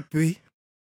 Puis